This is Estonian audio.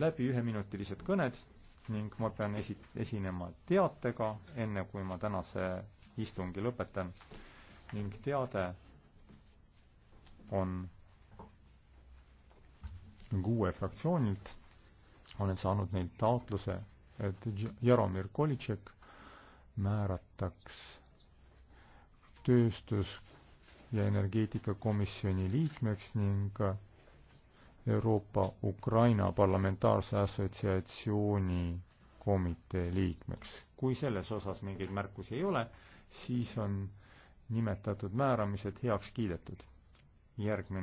läbi üheminutilised kõned ning ma pean esi-, esinema teatega, enne kui ma tänase istungi lõpetan. ning teade on kuue fraktsioonilt, olen saanud neilt taotluse, et Jaromir Kolitšek määrataks tööstus- ja energeetikakomisjoni liikmeks ning Euroopa-Ukraina Parlamentaarse Assotsiatsiooni komitee liikmeks. kui selles osas mingeid märkusi ei ole, siis on nimetatud määramised heaks kiidetud. järgmine